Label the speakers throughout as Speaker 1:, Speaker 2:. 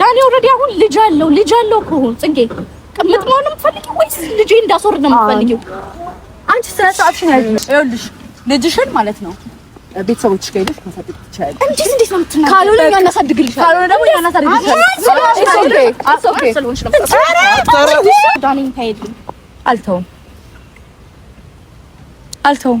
Speaker 1: ዳኒ ኦልሬዲ አሁን ልጅ አለው ልጅ አለው እኮ አሁን ቅምጥ መሆን ነው የምትፈልጊው ወይስ ልጄ እንዳስወርድ ነው የምትፈልጊው?
Speaker 2: አንቺ ስለ ሰዓትሽን ያዥ። ይኸውልሽ ልጅሽን ማለት ነው
Speaker 3: ቤተሰቦችሽ ጋር ሄደሽ ማሳደግ ትችያለሽ።
Speaker 1: እንዴት እንዴት ነው የምትናገሪው?
Speaker 2: ካልሆነ ያናሳድግልሻል፣
Speaker 1: ካልሆነ ደግሞ ኦኬ ዳኒ ተይልኝ።
Speaker 2: አልተውም አልተውም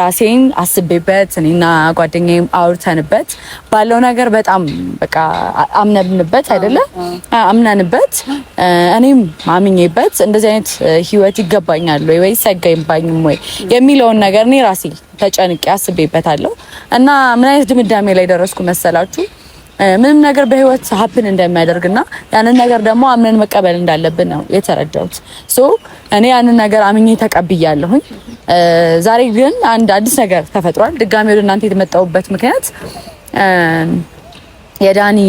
Speaker 2: ራሴን አስቤበት እኔና ጓደኛዬም አውርተንበት ባለው ነገር በጣም በቃ አምነንበት አይደለ አምነንበት እኔም አምኜበት እንደዚህ አይነት ህይወት ይገባኛል ወይ ወይስ አይገባኝም ወይ የሚለውን ነገር እኔ ራሴ ተጨንቄ አስቤበታለሁ እና ምን አይነት ድምዳሜ ላይ ደረስኩ መሰላችሁ? ምንም ነገር በህይወት ሀፕን እንደሚያደርግና ያንን ነገር ደግሞ አምነን መቀበል እንዳለብን ነው የተረዳሁት። ሶ እኔ ያንን ነገር አምኜ ተቀብያለሁኝ። ዛሬ ግን አንድ አዲስ ነገር ተፈጥሯል። ድጋሚ ወደ እናንተ የተመጣሁበት ምክንያት የዳኒ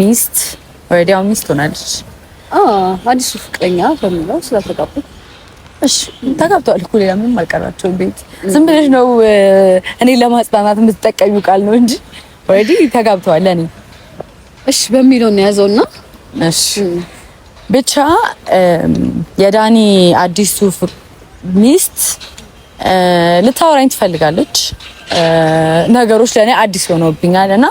Speaker 2: ሚስት ወዲያው ሚስት ሆናለች።
Speaker 1: አዲሱ ፍቅረኛ በሚለው ስለተጋቡ
Speaker 2: እሺ ተጋብተዋል እኮ ሌላ ምንም አልቀራቸውም። ቤት ዝም ብለሽ ነው እኔ ለማጽናናት የምትጠቀሚው ቃል ነው እንጂ ኦልሬዲ ተጋብተዋል። ለኔ
Speaker 1: እሺ በሚለው ነው ያዘውና፣
Speaker 2: እሺ ብቻ የዳኒ አዲሱ ሚስት ልታወራኝ ትፈልጋለች። ነገሮች ለኔ አዲስ ሆነውብኛል እና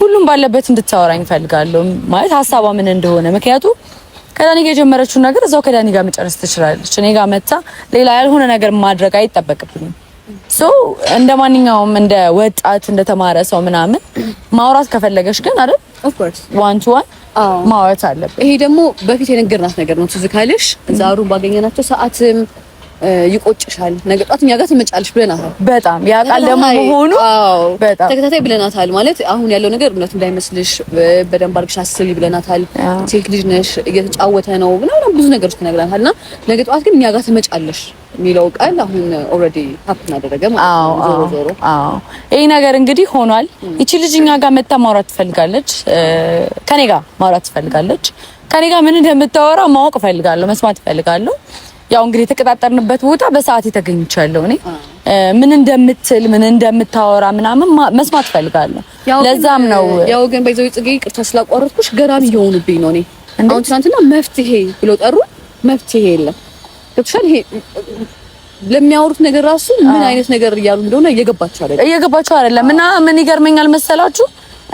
Speaker 2: ሁሉም ባለበት እንድታወራኝ ፈልጋለሁ። ማለት ሀሳቧ ምን እንደሆነ ምክንያቱ ከዳኒ ጋር የጀመረችውን ነገር እዛው ከዳኒ ጋር መጨረስ ትችላለች። እኔ ጋር መታ ሌላ ያልሆነ ነገር ማድረግ አይጠበቅብኝም። ሶ እንደ ማንኛውም እንደ ወጣት እንደ ተማረ ሰው ምናምን ማውራት ከፈለገች ግን አይደል ዋን ቱ ዋን ማውራት አለብን።
Speaker 1: ይሄ ደግሞ በፊት የነገርናት ነገር ነው። ትዝ ካለሽ ዛሩ ባገኘናቸው ሰዓትም ይቆጭሻል፣ ነገ ጧት እኛ ጋር ትመጫለሽ ብለናታል።
Speaker 2: በጣም ያ ቃል ደግሞ መሆኑ በጣም
Speaker 1: ተከታታይ ብለናታል። ማለት አሁን ያለው ነገር እውነት እንዳይመስልሽ በደንብ አድርግሽ አስቢ ብለናታል። ሴት ልጅ ነሽ፣ እየተጫወተ ነው ብዙ ነገሮች ትነግረናታል። እና ነገ ጧት ግን እኛ ጋር ትመጫለሽ የሚለው ቃል አሁን ኦልሬዲ ሀፕን አደረገ
Speaker 2: ማለት ነው። ዞሮ ይሄ ነገር እንግዲህ ሆኗል። ይቺ ልጅ እኛ ጋር መታ ማውራት ትፈልጋለች፣ ከኔ ጋር ማውራት ትፈልጋለች። ከኔ ጋር ምን እንደምታወራው ማወቅ እፈልጋለሁ፣ መስማት እፈልጋለሁ። ያው እንግዲህ የተቀጣጠርንበት ቦታ በሰዓት የተገኝቻለሁ እኔ ምን እንደምትል ምን እንደምታወራ ምናምን መስማት እፈልጋለሁ። ለዛም ነው
Speaker 1: ያው ግን በይዘው ጽጌ ቅርታ ስላቋረጥኩሽ ገራም እየሆኑብኝ ነው። እኔ አሁን ትናንትና መፍትሄ ብሎ ጠሩ፣ መፍትሄ የለም ገብቶሻል? ይሄ ለሚያወሩት ነገር ራሱ ምን አይነት ነገር እያሉ እንደሆነ እየገባቸው አይደለም፣
Speaker 2: እየገባቸው አይደለም። እና ምን ይገርመኛል መሰላችሁ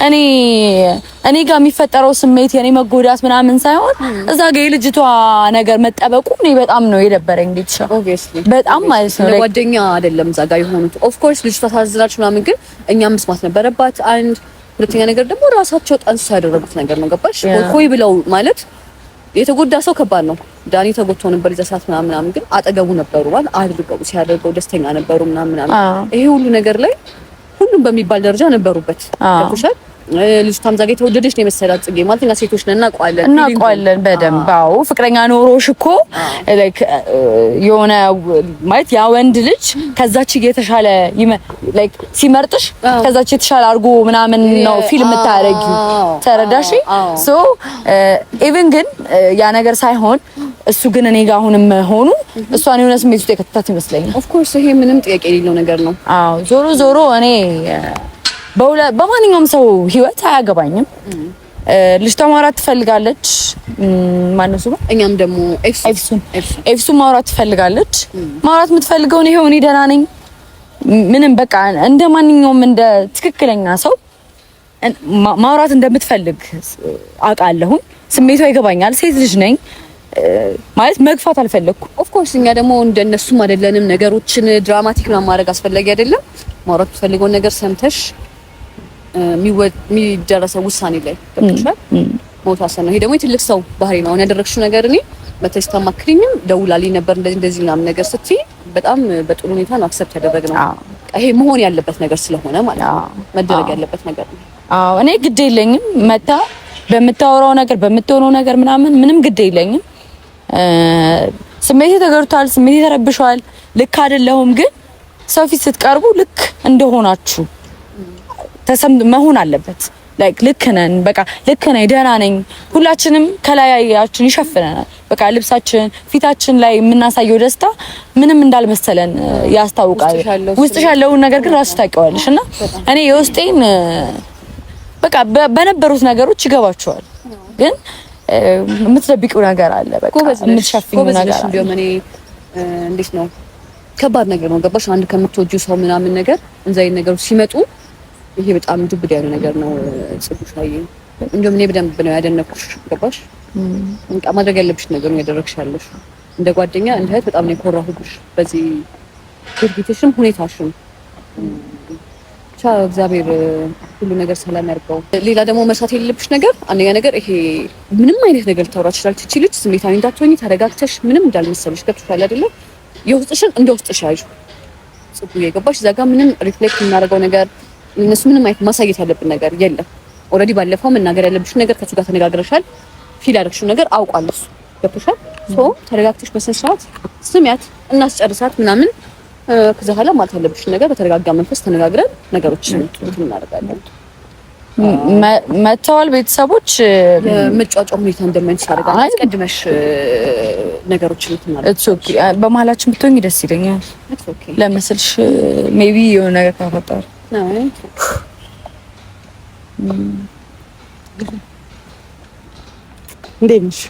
Speaker 2: እኔ እኔ ጋር የሚፈጠረው ስሜት የኔ መጎዳት ምናምን ሳይሆን እዛ ጋር የልጅቷ ነገር መጠበቁ እኔ በጣም ነው የደበረኝ። እንግዲህ ኦብቪስሊ በጣም ማለት
Speaker 1: ነው ለጓደኛ አይደለም እዛ ጋር የሆኑት። ኦፍ ኮርስ ልጅቷ ታዝናች ምናምን፣ ግን እኛም መስማት ነበረባት። አንድ ሁለተኛ ነገር ደግሞ ራሳቸው ጠንስሰው ያደረጉት ነገር ነው። ገባሽ? ሆይ ብለው ማለት የተጎዳ ሰው ከባድ ነው። ዳኒ ተጎቶ ነበር የዛ ሰዓት ምናምን ምናምን፣ ግን አጠገቡ ነበሩ ማለት አድርገው ሲያደርገው ደስተኛ ነበሩ ምናምን ምናምን። ይሄ ሁሉ ነገር ላይ ሁሉም በሚባል ደረጃ ነበሩበት። ተኩሻል ልጅቷም ዛጋ የተወደደች ነው የመሰላት ጽጌ ማለት እኛ ሴቶች ነን እናውቀዋለን
Speaker 2: እናውቀዋለን በደንብ አዎ ፍቅረኛ ኖሮሽ እኮ ላይክ የሆነ ማለት ያ ወንድ ልጅ ከዛች የተሻለ ላይክ ሲመርጥሽ ከዛች የተሻለ አድርጎ ምናምን ነው ፊልም የምታደርጊው ተረዳሽ ሶ ኢቭን ግን ያ ነገር ሳይሆን እሱ ግን እኔ ጋር አሁንም ሆኑ እሷን የሆነ ስሜት ውስጥ የከተታት ይመስለኛል።
Speaker 1: ኦፍ ኮርስ ይሄ ምንም ጥያቄ የሌለው ነገር ነው።
Speaker 2: አዎ ዞሮ ዞሮ እኔ በማንኛውም ሰው ህይወት አያገባኝም። ልጅቷ ማውራት ትፈልጋለች። ማነው ስሙ? እኛም ደግሞ ኤፍሱን ኤፍሱን ማውራት ትፈልጋለች። ማውራት የምትፈልገው ነው። ይሄው እኔ ደህና ነኝ። ምንም በቃ እንደ ማንኛውም እንደ ትክክለኛ ሰው ማውራት እንደምትፈልግ አውቃለሁኝ። ስሜቷ ይገባኛል። ሴት ልጅ ነኝ። ማለት መግፋት አልፈለኩም።
Speaker 1: ኦፍኮርስ እኛ ደግሞ እንደነሱም አይደለንም። ነገሮችን ድራማቲክ ምናምን ማድረግ አስፈላጊ አይደለም። ማውራት የምትፈልገውን ነገር ሰምተሽ የሚደረሰው ውሳኔ ላይ ገብተሻል መውታሰን ነው። ይሄ ደግሞ የትልቅ ሰው ባህሪ ነው። አሁን ያደረግሽው ነገር እኔ በቴስታ ማክሪኝም ደውላልኝ ነበር እንደዚህ እንደዚህ ምናምን ነገር ስትይ በጣም በጥሩ ሁኔታ ነው አክሰፕት ነው። ይሄ መሆን ያለበት ነገር ስለሆነ ማለት ነው መደረግ ያለበት ነገር ነው።
Speaker 2: አዎ እኔ ግድ የለኝም መታ በምታወራው ነገር በምትሆነው ነገር ምናምን ምንም ግድ የለኝም። ስሜቴ ተገርቷል፣ ስሜቴ ተረብሸዋል፣ ልክ አይደለሁም። ግን ሰው ፊት ስትቀርቡ ልክ እንደሆናችሁ ተሰምቶ መሆን አለበት። ላይክ ልክ ነን፣ በቃ ልክ ነኝ፣ ደህና ነኝ። ሁላችንም ከላያችን ይሸፍነናል። በቃ ልብሳችን፣ ፊታችን ላይ የምናሳየው ደስታ ምንም እንዳልመሰለን ያስታውቃል። ውስጥሽ ያለውን ነገር ግን ራሱ ታውቂዋለሽ። እና እኔ የውስጤን በቃ በነበሩት ነገሮች ይገባቸዋል ግን የምትደብቂው ነገር አለ፣ በቃ
Speaker 1: ነገር እንዴት ነው ከባድ ነገር ነው ገባሽ? አንድ ከምትወጂው ሰው ምናምን ነገር አይነት ነገሮች ሲመጡ ይሄ በጣም ድብድ ያለ ነገር ነው። ጽጉሽ ላይ እንደውም እኔ በደንብ ነው ያደነኩሽ። ገባሽ? እንቃ ማድረግ ያለብሽ ነገር ነው ያደረግሽ ያለሽ። እንደ ጓደኛ እንደ እህት በጣም ነው የኮራሁብሽ በዚህ ድርጊትሽም ሁኔታሽም ብቻ እግዚአብሔር ሁሉ ነገር ሰላም ያርገው። ሌላ ደግሞ መርሳት የሌለብሽ ነገር አንደኛ ነገር ይሄ ምንም አይነት ነገር ልታወራ ትችላል ትችልች ልጅ። ስሜታዊ እንዳትሆኝ ተረጋግተሽ ምንም እንዳልመሰለሽ ገብቶሻል አይደለ? የውስጥሽን እንደ ውስጥሽ ያዥ ጽቡ የገባሽ እዛ ጋር ምንም ሪፍሌክት የምናደርገው ነገር እነሱ ምንም አይነት ማሳየት ያለብን ነገር የለም። ኦልሬዲ ባለፈው መናገር ያለብሽ ነገር ከሱ ጋር ተነጋግረሻል። ፊል ያደረግሽው ነገር አውቋል እሱ ገብቶሻል። ሶ ተረጋግተሽ በስንት ሰዓት ስሚያት እናስጨርሳት ምናምን ከዛ በኋላ ማለት ያለብሽን ነገር በተረጋጋ መንፈስ ተነጋግረን ነገሮችን እንትን እናደርጋለን።
Speaker 2: መተዋል ቤተሰቦች
Speaker 1: መጫጫ ሁኔታ እንደማይንስ አደርጋለሁ። አስቀድመሽ ነገሮችን እንትን
Speaker 2: ማለት በመሀላችን ብትሆኝ ደስ ይለኛል። ለምስልሽ ሜቢ የሆነ ነገር ካፈጠረ እንዴት ነሽ?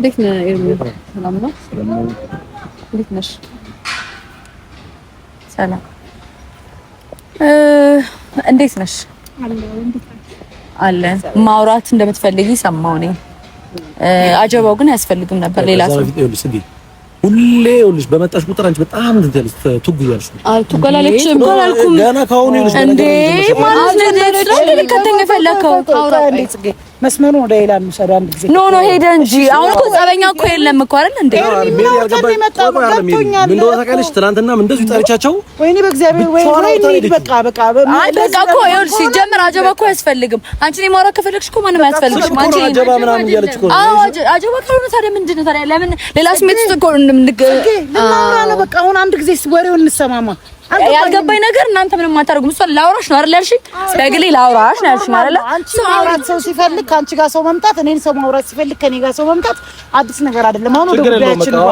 Speaker 2: እንዴት ነህ ኤርሚ? ሰላም ነው? እንዴት ነሽ? ሰላም እንዴት ነሽ? አለን። ማውራት እንደምትፈልጊ ሰማሁ እኔ። አጀባው ግን አያስፈልግም ነበር ሌላ ሰው
Speaker 3: ሁሌ ይኸውልሽ፣ በመጣሽ ቁጥር አንቺ በጣም
Speaker 2: አላልኩም። ገና ካሁን ይኸውልሽ እንዴ ማለት
Speaker 1: ነው። መስመሩ ወደ ሌላ የሚሰሩ
Speaker 2: አንድ ጊዜ ኖ ኖ ሄደ እንጂ አሁን እኮ ጸበኛ እኮ የለም እኮ አይደል እንዴ?
Speaker 3: ትናንትና እንደዚህ ጠርቻቸው፣
Speaker 1: ወይኔ በእግዚአብሔር ወይ ወይ በቃ
Speaker 2: በቃ አይ በቃ እኮ ይኸውልሽ፣ ሲጀምር አጀባ እኮ አያስፈልግም። አንቺን የማውራት ከፈለግሽ እኮ ማንም አያስፈልግም።
Speaker 3: አንቺ አጀባ ምናምን እያለች እኮ
Speaker 2: ነው። አዎ አጀባ ካልሆነ ታዲያ ምንድን ነው ታዲያ? ለምን ሌላ ስሜት ውስጥ እኮ ልናወራ
Speaker 1: ነው። በቃ አሁን አንድ ጊዜ ወሬውን እንሰማማ
Speaker 2: ያልገባኝ ነገር እናንተ ምንም አታደርጉም። እሷ ላውራሽ ነው አይደል ያልሽኝ? በግሌ ላውራሽ ነው ያልሽኝ አይደል?
Speaker 1: አንቺ ማውራት ሰው ሲፈልግ ከአንቺ ጋር ሰው መምጣት፣ እኔን ሰው ማውራት ሲፈልግ ከኔ ጋር ሰው መምጣት አዲስ ነገር አይደለም። አሁን ወደ ጉዳያችን ነው።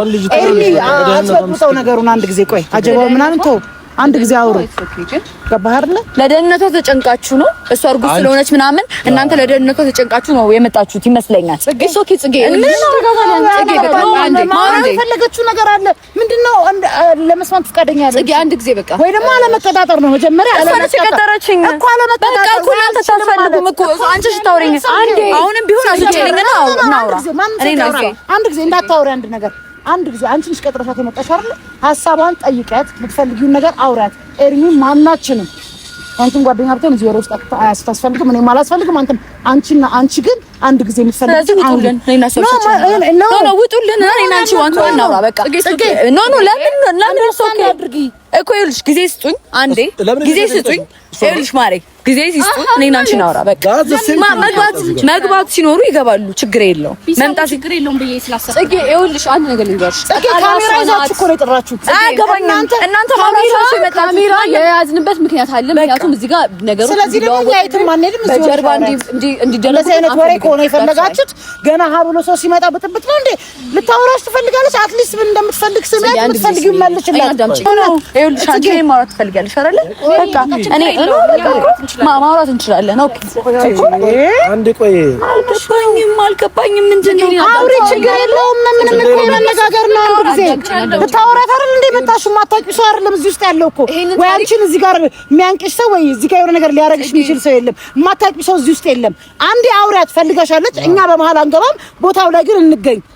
Speaker 1: ኤርሚ አትበጥብጠው ነገሩን አንድ ጊዜ ቆይ አጀባው ምናምን ተው አንድ ጊዜ አውሩ። ገባህ አይደለ?
Speaker 2: ለደህንነቷ ተጨንቃችሁ ነው እሷ እርጉዝ ስለሆነች ምናምን፣ እናንተ ለደህንነቷ ተጨንቃችሁ ነው የመጣችሁት ይመስለኛል።
Speaker 1: እሶኪ ጽጌ የፈለገችው ነገር አለ። ምንድነው? ነው ለመስማት ፈቃደኛ ያለ
Speaker 2: ጽጌ፣ አንድ ጊዜ በቃ
Speaker 1: ወይ ደግሞ አለመቀጣጠር ነው መጀመሪያ።
Speaker 2: እሷ ነች የቀጠረችኝ እኮ አለመቀጣጠር እኮ እናንተ ታፈልጉም እኮ አንቺ ስታወሪኝ፣ አሁንም ቢሆን አንድ
Speaker 1: ጊዜ እንዳታወሪ አንድ ነገር አንድ ጊዜ አንቺ ልጅ ቀጥረሻ የመጣሽ አይደል ሀሳቧን ጠይቀት፣ የምትፈልጊውን ነገር አውራት። ኤርሚ ማናችንም አንቺን ጓደኛ ብትሆን እዚህ ወሬ ውስጥ አታስፈልግም፣ እኔም አላስፈልግም። አንተም አንቺና አንቺ ግን አንድ ጊዜ የምትፈልጊው
Speaker 2: ውጡልን፣ ጊዜ ስጡኝ፣ አንዴ ጊዜ ስጡኝ። ይኸውልሽ ማሬ ጊዜ ሲስጡ እኔና አንቺ እናውራ። በቃ መግባት መግባት ሲኖሩ ይገባሉ። ችግር የለው መምጣት ችግር የለውም ብዬ ስላሰብኩ አንድ ነገር ልንገርሽ።
Speaker 1: ካሜራ ይዛችሁ እናንተ ካሜራ የያዝንበት ምክንያት አለ። ምክንያቱም እዚህ ጋር ነገሩ ስለዚህ ደግሞ እዚህ ጀርባ እንዲ እንዲ አይነት ወሬ ከሆነ የፈለጋችሁት ገና ሀ ብሎ ሰው ሲመጣ ብጥብጥ ነው እንዴ ልታወራሽ ትፈልጋለች። አትሊስት ምን እንደምትፈልግ ስሚያት፣ የምትፈልጊው መልሽላት።
Speaker 2: ይኸውልሽ አንቺ ማውራት ትፈልጋለሽ አይደለ? በቃ እኔ ማውራት እንችላለን። ኦኬ
Speaker 3: አንድ ቆይ፣
Speaker 1: አልገባኝም አልገባኝም። ምንድን ነው አውሪ፣ ችግር የለውም። ምንም እኮ መነጋገር ነው። አንድ ጊዜ ብታወራት አይደል እንደ መጣሽው የማታውቂው ሰው አይደለም እዚህ ውስጥ ያለው እኮ። ወይ አንቺን እዚህ ጋር የሚያንቅሽ ሰው ወይ እዚህ ጋር የሆነ ነገር ሊያረግሽ የሚችል ሰው የለም። የማታውቂው ሰው እዚህ ውስጥ የለም። አንዴ አውሪያት፣ ፈልጋሻለች። እኛ በመሀል አንገባም። ቦታው ላይ ግን እንገኝ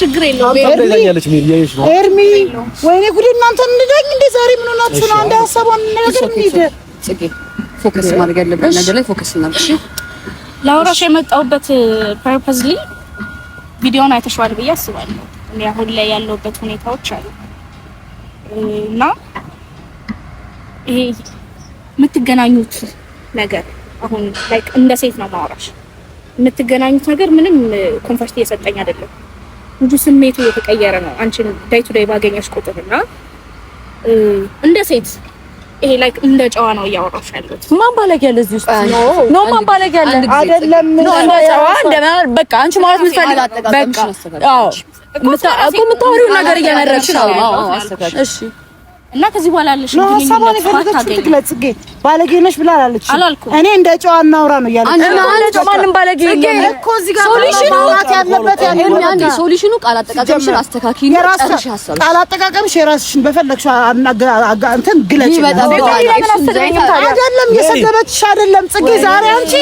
Speaker 1: ችግር የለውም። ኤርሚ ወይኔ ጉዴ! እናንተ እንዳኝ እንደ ዛሬ ምን ሆናችሁ ነው? አንድ ሀሳብ ነገር እንሂድ።
Speaker 2: ጽጌ ፎከስ ማድረግ ያለበት ነገር ላይ ፎከስ እናድርግ።
Speaker 1: እሺ የመጣሁበት ፐርፐዝሊ ቪዲዮውን አይተሽዋል ብዬ አስባለሁ። እኔ አሁን ላይ ያለሁበት ሁኔታዎች አሉ እና ይሄ የምትገናኙት ነገር አሁን ላይክ እንደ ሴት ነው ማውራሽ የምትገናኙት ነገር ምንም ኮንፈርት እየሰጠኝ አይደለም። ልጁ ስሜቱ የተቀየረ ነው። አንቺን ዳይ ቱ ዳይ ባገኘሽ ቁጥርና እንደ ሴት ይሄ ላይክ እንደ ጨዋ ነው እያወራሽ ያለሁት።
Speaker 2: ማባለግ ያለ እዚህ ውስጥ ነው ማን ማባለግ ያለ አይደለም። ነው እንደ ጨዋ እንደና በቃ አንቺ ማለት የምትፈልጊው በቃ አዎ፣ እኮ የምታወሪው ነገር እያመረቅሽ ነው። አዎ፣ እሺ።
Speaker 1: እና ከዚህ በኋላ ያለሽ ነው ሀሳቧን የፈለገችው ትግለጽ። ጌት ባለጌ ነሽ ብላ አላለች። እኔ እንደ ጨዋ እናውራ ነው
Speaker 2: ያለች። አንቺ ማንም ባለጌ ነው እኮ እዚህ ጋር ሶሉሽኑ ያለበት አንዴ ሶሉሽኑ ቃል አጠቃቀምሽን አስተካክይ። ነው።
Speaker 1: ጨርሽ ቃል አጠቃቀምሽ የራስሽን በፈለግሽ እንትን ግለጭ። አይደለም የሰደበችሽ አይደለም ጽጌ፣ ዛሬ አንቺ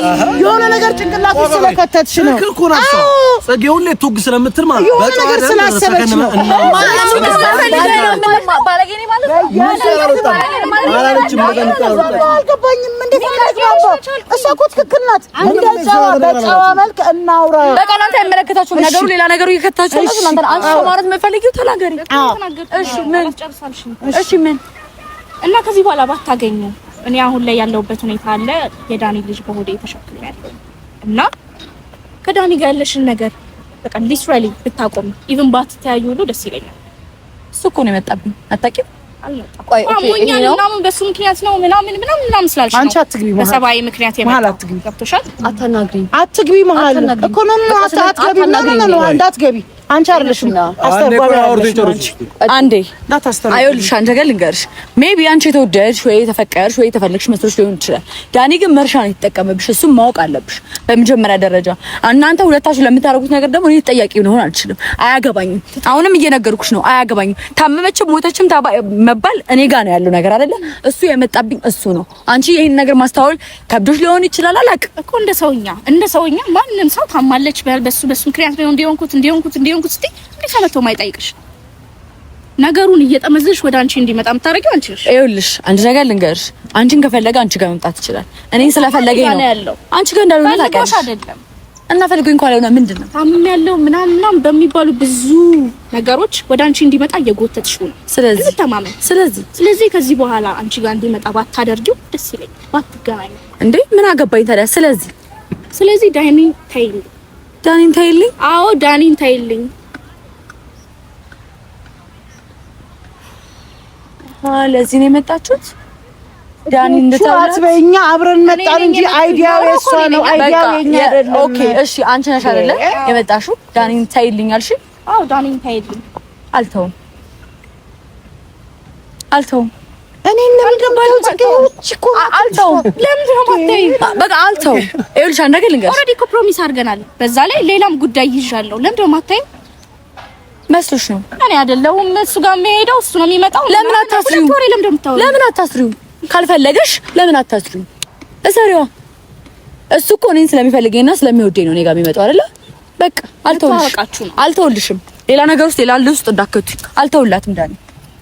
Speaker 1: የሆነ ነገር ጭንቅላት ውስጥ ስለከተትሽ ነው። አዎ
Speaker 3: ጽጌ ሁሌ ቱግ ስለምትል
Speaker 1: ማለት ነው። የሆነ ነገር ስላሰበች ነው።
Speaker 3: ባለጌ ነኝ ማለት ነው
Speaker 1: አልገባኝም። እንዴት እናግባባው? እሷ እኮ ትክክል ናት። በጨዋ መልክ እናውራ።
Speaker 2: በቃ እናንተ አይመለከታችሁም ነገሩ። ሌላ ነገሩ እየከታችሁ ነው። እናንተ አንቺ ማለት የምፈልጊው ተናገሪ። እሺ ምን እሺ ምን
Speaker 1: እና ከዚህ በኋላ ባታገኙ እኔ አሁን ላይ ያለሁበት ሁኔታ አለ። የዳኒ ልጅ በሆዴ ተሸክሜያለሁ እና ከዳኒ ጋር ያለሽን ነገር በቃ ሊትራሊ ብታቆም ኢቭን ባትተያዩ ሁሉ ደስ ይለኛል። እሱ እኮ ነው የመጣብኝ አታውቂም
Speaker 2: በሱ ምክንያት ነው ምናምን ምናምን ምናምን ስላልሽ ነው። አንቺ አትግቢ በሰብአዊ ምክንያት
Speaker 1: የመጣ አትግቢ፣ አትናግሪ፣
Speaker 2: አትግቢ መሀል እኮ ነው። አትገቢ ነው አንድ አትገቢ አንቺ አይደለሽም
Speaker 3: አስተርጓሚ
Speaker 2: አንቺ ጋር ልንገርሽ፣ ሜቢ አንቺ የተወደድሽ ወይ የተፈቀርሽ ወይ የተፈለግሽ መስሎሽ ሊሆን ይችላል። ዳኒ ግን መርሻን የተጠቀመብሽ እሱም ማወቅ አለብሽ በመጀመሪያ ደረጃ። እናንተ ሁለታችሁ ለምታደርጉት ነገር ደግሞ እኔ ተጠያቂ ልሆን አልችልም። አያገባኝም። አሁንም እየነገርኩሽ ነው፣ አያገባኝም። ታመመችም ሞተችም መባል እኔ ጋር ነው ያለው ነገር አይደለ? እሱ የመጣብኝ እሱ ነው። አንቺ ይሄን ነገር ማስተዋወል ከብዶሽ ሊሆን ይችላል። አላውቅም
Speaker 1: እኮ እንደ ሰውኛ እንደ ሰውኛ ማንም ሰው ታማለች በሱ በሱ ምክንያት ነው እንዲሆንኩት እንዲሆንኩት እንዲሆንኩት አልተጠቀምኩት ስትይ እንዴት አላተው ማይጠይቅሽ ነገሩን እየጠመዘሽ ወደ አንቺ እንዲመጣ የምታደርጊው አንቺ ነሽ።
Speaker 2: ይኸውልሽ አንድ ነገር ልንገርሽ፣ አንቺን ከፈለገ አንቺ ጋር መምጣት ይችላል። እኔን ስለፈለገ ነው አንቺ ጋር እንዳልሆነ
Speaker 1: ታውቂያለሽ አይደለም?
Speaker 2: እና ፈልገኝ እንኳን ለሆነ ምንድነው
Speaker 1: ታምም ያለው ምናምን በሚባሉ ብዙ ነገሮች ወደ አንቺ እንዲመጣ እየጎተትሽ ነው። ስለዚህ ተማመን። ስለዚህ ስለዚህ ከዚህ በኋላ አንቺ ጋር እንዲመጣ ባታደርጊው ደስ ይለኛል። ባትገናኝ
Speaker 2: እንዴ ምን አገባኝ ታዲያ። ስለዚህ
Speaker 1: ስለዚህ ዳይኒ ታይኝ
Speaker 2: ዳኒን ታይልኝ።
Speaker 1: አዎ ዳኒን ታይልኝ።
Speaker 2: ለዚህ ነው የመጣችሁት? ዳኒ
Speaker 1: እንደታውቃት በእኛ አብረን መጣን እንጂ አይዲያ የእሷ ነው፣ አይዲያ
Speaker 2: የኛ አይደለም። ኦኬ እሺ፣ አንቺ ነሽ አይደለ የመጣሽው? ዳኒን ታይልኝ አልሽ?
Speaker 1: አዎ ዳኒን ታይልኝ።
Speaker 2: አልተውም፣ አልተውም እኔ ነገር
Speaker 1: ፕሮሚስ አድርገናል። በዛ ላይ ሌላም ጉዳይ ይዣለሁ። ለምንድን ነው የማታይው መስሎሽ ነው? እኔ አይደለሁም እሱ ጋር የሚሄደው እሱ ነው የሚመጣው።
Speaker 2: ለምን አታስሪው? ለምን አታስሪው? ካልፈለገሽ ለምን አታስሪው? እሰሪዋ። እሱ እኮ እኔን ስለሚፈልገኝና ስለሚወደኝ ነው እኔ ጋር የሚመጣው አይደለ? በቃ
Speaker 1: አልተውልሽም፣
Speaker 2: አልተውልሽም። ሌላ ነገር ውስጥ ሌላ ልውስጥ እንዳከቱ አልተውላትም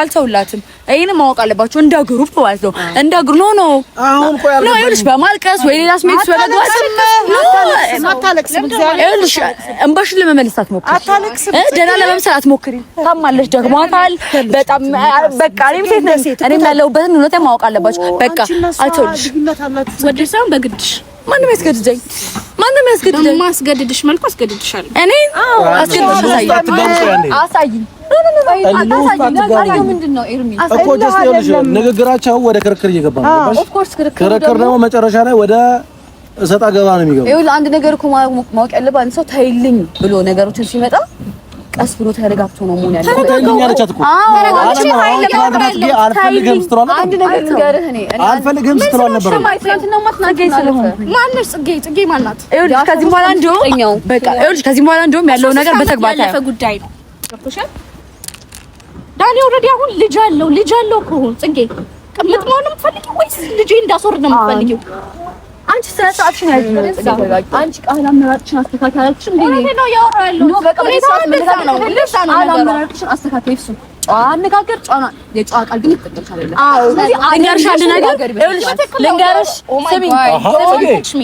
Speaker 2: አልተውላትም። ይሄን ማወቅ አለባቸው፣ እንደ ግሩፕ ማለት ነው። እንደ ግሩ ነው ነው አሁን ቆይ ነው ይኸውልሽ፣ በማልቀስ ወይ ሌላ ስሜት ወለጓስ ማታለቅስም ይኸውልሽ፣ እንባሽን ለመመለስ አትሞክሪ፣ አታለቅስም፣ ደህና ለመምሰል አትሞክሪ። ታማለሽ፣ ደክሟታል በጣም በቃ። እኔም ሴት ነኝ፣ እኔም ያለሁበትን እውነት ማወቅ አለባቸው። በቃ አልተውልሽ፣ ወደሳም በግድሽ ማንም ያስገድደኝ ማንም ያስገድደኝ፣
Speaker 1: ማስገድድሽ መልኩ አስገድድሻለሁ
Speaker 2: እኔ አስገድድሽ
Speaker 1: አሳይኝ
Speaker 3: ንግግራቸው ወደ ክርክር እየገባ ነው። ክርክር ደግሞ መጨረሻ ላይ ወደ እሰጣ ገባ ነው
Speaker 2: የሚገባው። አንድ ነገር እኮ ማወቅ ያለብህ አንድ ሰው ታይልኝ ብሎ ነገሮችን ሲመጣ ቀስ ብሎ ተረጋግቶ ነው መሆን
Speaker 3: ያለው። ተረጋግቶ ያለቻት እኮ አልፈልግም ስትሏል ነበር።
Speaker 2: ከዚህ በኋላ እንደውም ያለው ነገር በተግባር
Speaker 1: ጉዳይ ነው። ዳኒ ኦልሬዲ አሁን ልጅ አለው ልጅ አለው እኮ ጽጌ ቅምጥ መሆን የምትፈልጊው ወይስ ልጄ እንዳስወርድ ነው የምትፈልጊው?
Speaker 2: አንቺ አንቺ እንዴ?
Speaker 1: ነው ያወራለሁ ነው
Speaker 2: ነው አነጋገር የጨዋ ቃል ግን አዎ oh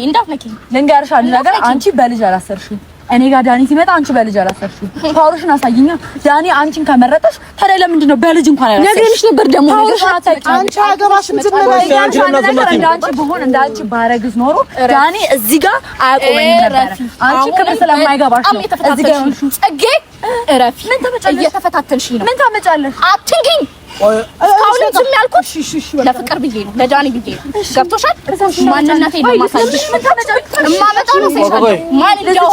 Speaker 1: ልንገርሽ
Speaker 2: አንድ ነገር አንቺ በልጅ አላሰርሽም እኔ ጋር ዳኒ ሲመጣ አንቺ በልጅ አላሰርሽም። ፓውሎሽን አሳይኛ። ዳኒ አንቺን ከመረጠሽ ታዲያ ለምንድን ነው በልጅ እንኳን አላሰርሽ? ነግሬሽ ነበር ደግሞ አንቺ አገባሽ ብሆን አንቺ ባረግዝ ኖሮ ዳኒ እዚህ ጋር አያቆመኝም ነበር። አንቺ ክብር ስለማይገባሽ ነው እዚህ ጋር ያልሽው። ጸጌ እረፊ። ምን ተመጫለሽ? እየተፈታተንሽ ነው። ምን ታመጫለሽ? አትንግኝ አሁንም ዝም ያልኩት ለፍቅር ብዬ ነው፣ ለዳኒ ብዬ ነው። ገብቶሻል? ማንነቴን ነው የማሳይሽ። የማመጣው ነው ማን እንደሆነ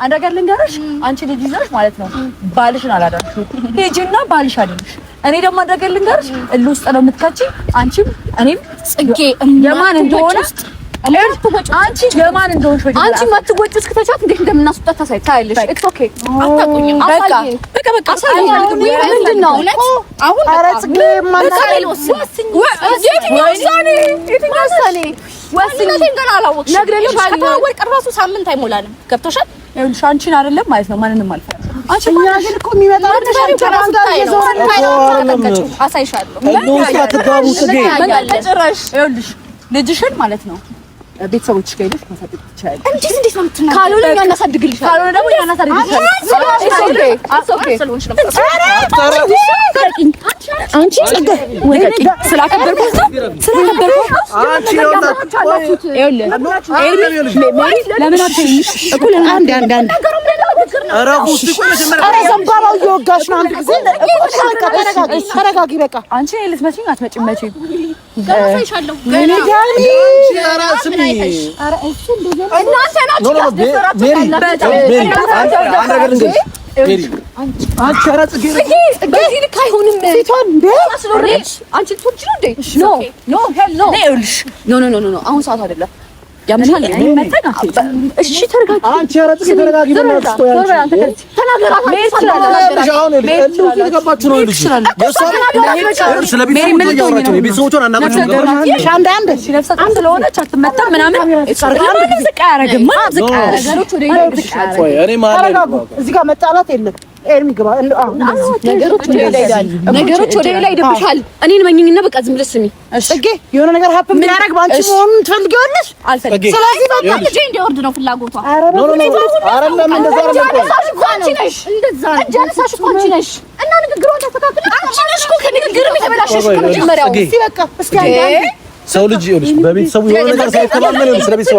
Speaker 2: አንድ ነገር ልንገርሽ፣ አንቺ ልጅ ይዘሽ ማለት ነው ባልሽን አላዳንሽው፣ ሂጂና ባልሽ አይደልሽ። እኔ ደግሞ አንድ ነገር ልንገርሽ፣ እልህ ውስጥ ነው የምትከቺኝ። አንቺም እኔም ጽጌ የማን እንደሆነ አንቺ የማን እንደሆንሽ አንቺ ማትወጪው እስክተቻት እንዴት እንደምናስወጣት ታሳይ ታያለሽ። ኢትስ ኦኬ አታውቁኝም። በቃ በቃ በቃ አሳይ። ምንድን ነው አሁን? ኧረ ጽጌ የማናውቀው የትኛው ውሳኔ የትኛው ውሳኔ ወስኝነቴን ገና አላወቅሽም። ነግሬልሻለሁ። ከተዋወቅን እራሱ ሳምንት አይሞላንም። ገብቶሻል? ይኸውልሽ አንቺን አይደለም ማለት ነው ማንንም አልፈ አንቺ እኛ ግን ልጅሽን ማለት ነው ቤተሰቦች ጋር ሄደሽ ማሳደግ ትችያለሽ። እንዴት እንዴት ነው የምትናገሪው? ካልሆነ እኛ እናሳድግልሻለን፣ ካልሆነ ደግሞ እኛ እናሳድግልሻለን። አንቺ ኧረ ዘንባባው እየወጋሽ ነው። አንድ ጊዜ ተረጋጊ። በቃ አንቺ ልትመጪኝ አትመጪም መቼም አሁን ሰዓት አይደለም። ያምሻል እሺ፣ መጣላት የለም። ነገሮች ወደ ላይ ይደብሻል። እኔን መኝኝና በቃ ዝም ብለሽ ስሚ የሆነ ነገር ሀፕ የሚያደርግ በአንቺ መሆኑን ትፈልጊዋለሽ። ሰው ልጅ በቤተሰቡ የሆነ ነገር ሳይተማመን ስለቤተሰቡ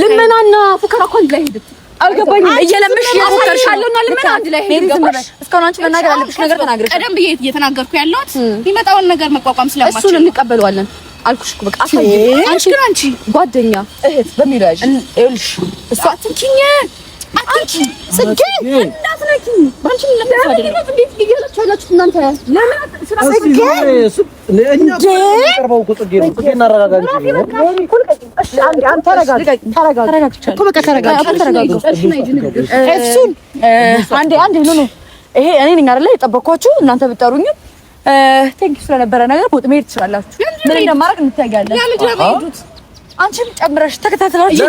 Speaker 2: ልመናና ፉከራ እኮ አንድ ላይ ሄድክ። አልገባኝም። እየለመንሽ እየፎከርሽ ልመና አንድ ላይ ሄድክ። እስካሁን አንቺ መናገር አለብሽ ነገር ተናግረሽ፣ ቀደም ብዬ እየተናገርኩ ያለሁት የሚመጣውን ነገር መቋቋም ስለማትችል እሱን እንቀበለዋለን አልኩሽ እኮ በቃ አሳየኝ። አንቺ ግን አንቺ ጓደኛ እህት በሚለው ያዥ ይኸውልሽ እሷ አትንኪኝ ይሄ እኔ ነኝ አይደለ የጠበኳችሁ እናንተ ብጠሩኝም ስለነበረ ነገር መሄድ ትችላላችሁ። ምን እንደማደርግ እንታያለን። አንቺም ጨምረሽ ተከታተሏት። ሆኖ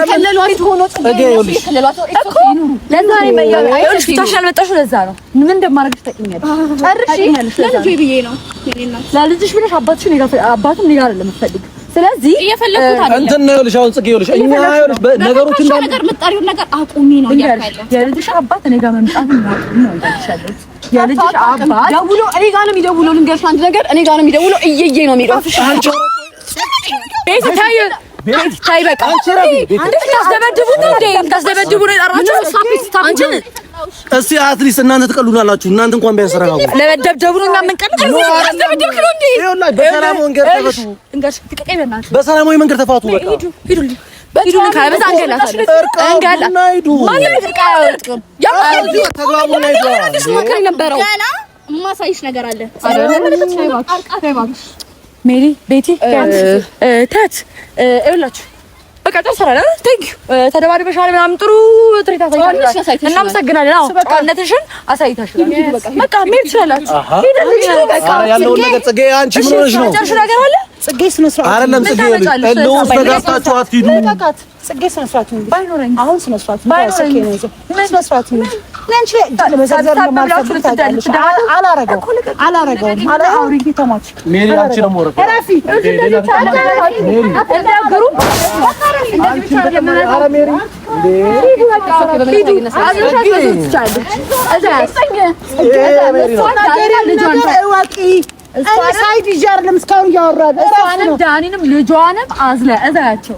Speaker 2: አይሽ ለዛ ነው ምን እንደማረግሽ ነው ለልጅሽ አባትሽ ነው ነው ለምትፈልግ ስለዚህ እየፈለኩት አይደለም እንትን ነው ልሽ አሁን ጽጌ ይኸውልሽ፣ እኛ ይኸውልሽ በነገሮች እንዳሉ ነገር መጣሪው ነገር አቁሚ ነው ያልኳቸው። የልጅሽ አባት እኔ ጋር መምጣት ነው ነው ያልሻለሁ። የልጅሽ አባት ደውሎ እኔ ጋር ነው የሚደውለው። ልንገርሽ አንድ ነገር እኔ ጋር ነው የሚደውለው። እየዬ ነው የሚደውለው። አንቺ ቤት ታየ ተይ በቃ። ልታስደበድቡት እንደ ልታስደበድቡ ነው የጠራችሁት? እስኪ አትሊስት እናንተ ትቀሉናላችሁ። እናንተ እንኳን ቢያንሰራው ለመደብደቡ ነው በሰላማዊ መንገድ ተፋቱ። በቃ ተግባቡ። ሜሪ ቤቲ ታት ይኸውላችሁ በቃ ጥሩ ስራ ነው። ታንኪዩ ተደባድበሻል፣ ምናምን ጥሩ ትሬት አሳይተሻል። እናመሰግናለን። አዎ ጨዋነትሽን አሳይተሻል። በቃ መሄድ ትችላላችሁ። ያለውን ነገር ጽጌ፣ አንቺ ምን ሆነሽ ነው? ጨርሽ ነገር አለ ጽጌ። ስነ ስርዓት አይደለም ጽጌ። ልጅ ለውስጥ ተጋብታችሁ አትሂዱ ጽጌ ስነ ስርዓት ነው። ባይኖረኝ አሁን ስነ ስርዓት ነው። ባይኖረኝ ነው ምን ስነ ስርዓት ነው? ለንቺ ለመዘርዘር ለማልፈልግ ታውቂያለሽ። አላረገውም አላረገውም ማለት አውሪ ተማች ሜሪ አንቺ ነው ወረቀ ራፊ እንደግሩ አረ ሜሪ ልጇንም አዝለ እዛያቸው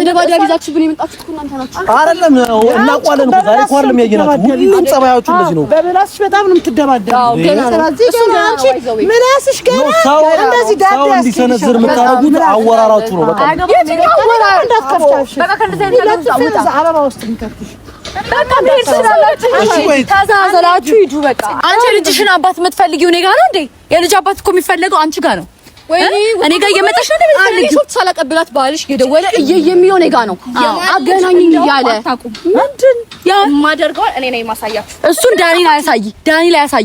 Speaker 2: እንደ ባጃጅ ይዛችሁ ብን የመጣችሁት እኮ እናንተ ናችሁ። አይደለም እኮ ዛሬ እኮ አይደለም ያየናችሁ። ሁሉም ጸባያችሁ እንደዚህ ነው። በምላስሽ በጣም ነው እንደዚህ እንዲሰነዝር የምታደርጉት አወራራችሁ ነው። በቃ አወራራ አበባ ውስጥ ተዛዘላችሁ ሂዱ። በቃ አንቺ ልጅሽን አባት የምትፈልጊው እኔ ጋር ነው እንዴ? የልጅ አባት እኮ የሚፈለገው አንቺ ጋር ነው። እኔ ጋር እየመጣሽ ነው። ሾርት ሳላቀብላት ባልሽ እየደወለ እየየ የሚሆን ጋ ነው አገናኝኝ እያለ ምንድን የማደርገው እኔ ነኝ ማሳያችሁ። እሱን ዳኒ ላይ ያሳይ፣ ዳኒ ላይ ያሳይ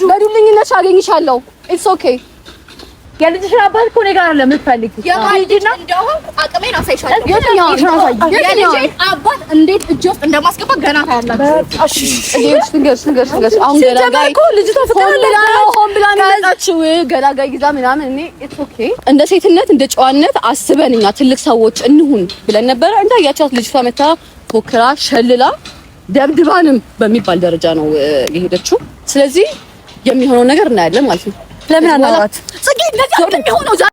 Speaker 2: ሂዱ። በዱልኝነት አገኝሻለሁ። ኢትስ ኦኬ። የልጅሽን አባት እኮ እኔ ጋር አለ የምትፈልጊው እንዴት እጅ ውስጥ እንደማስገባ ገና ታያላችሁ። ገላጋይ ይዛ ምናምን እኔ ኢትስ ኦኬ። እንደ ሴትነት እንደ ጨዋነት አስበን እኛ ትልቅ ሰዎች እንሁን ብለን ነበረ። እንዳያቻት ልጅቷ መታ ፎክራ ሸልላ ደብድባንም በሚባል ደረጃ ነው የሄደችው። ስለዚህ የሚሆነው ነገር እናያለን ማለት ነው። ለምን አናውራት ጽጌ ነገር እንደሆነው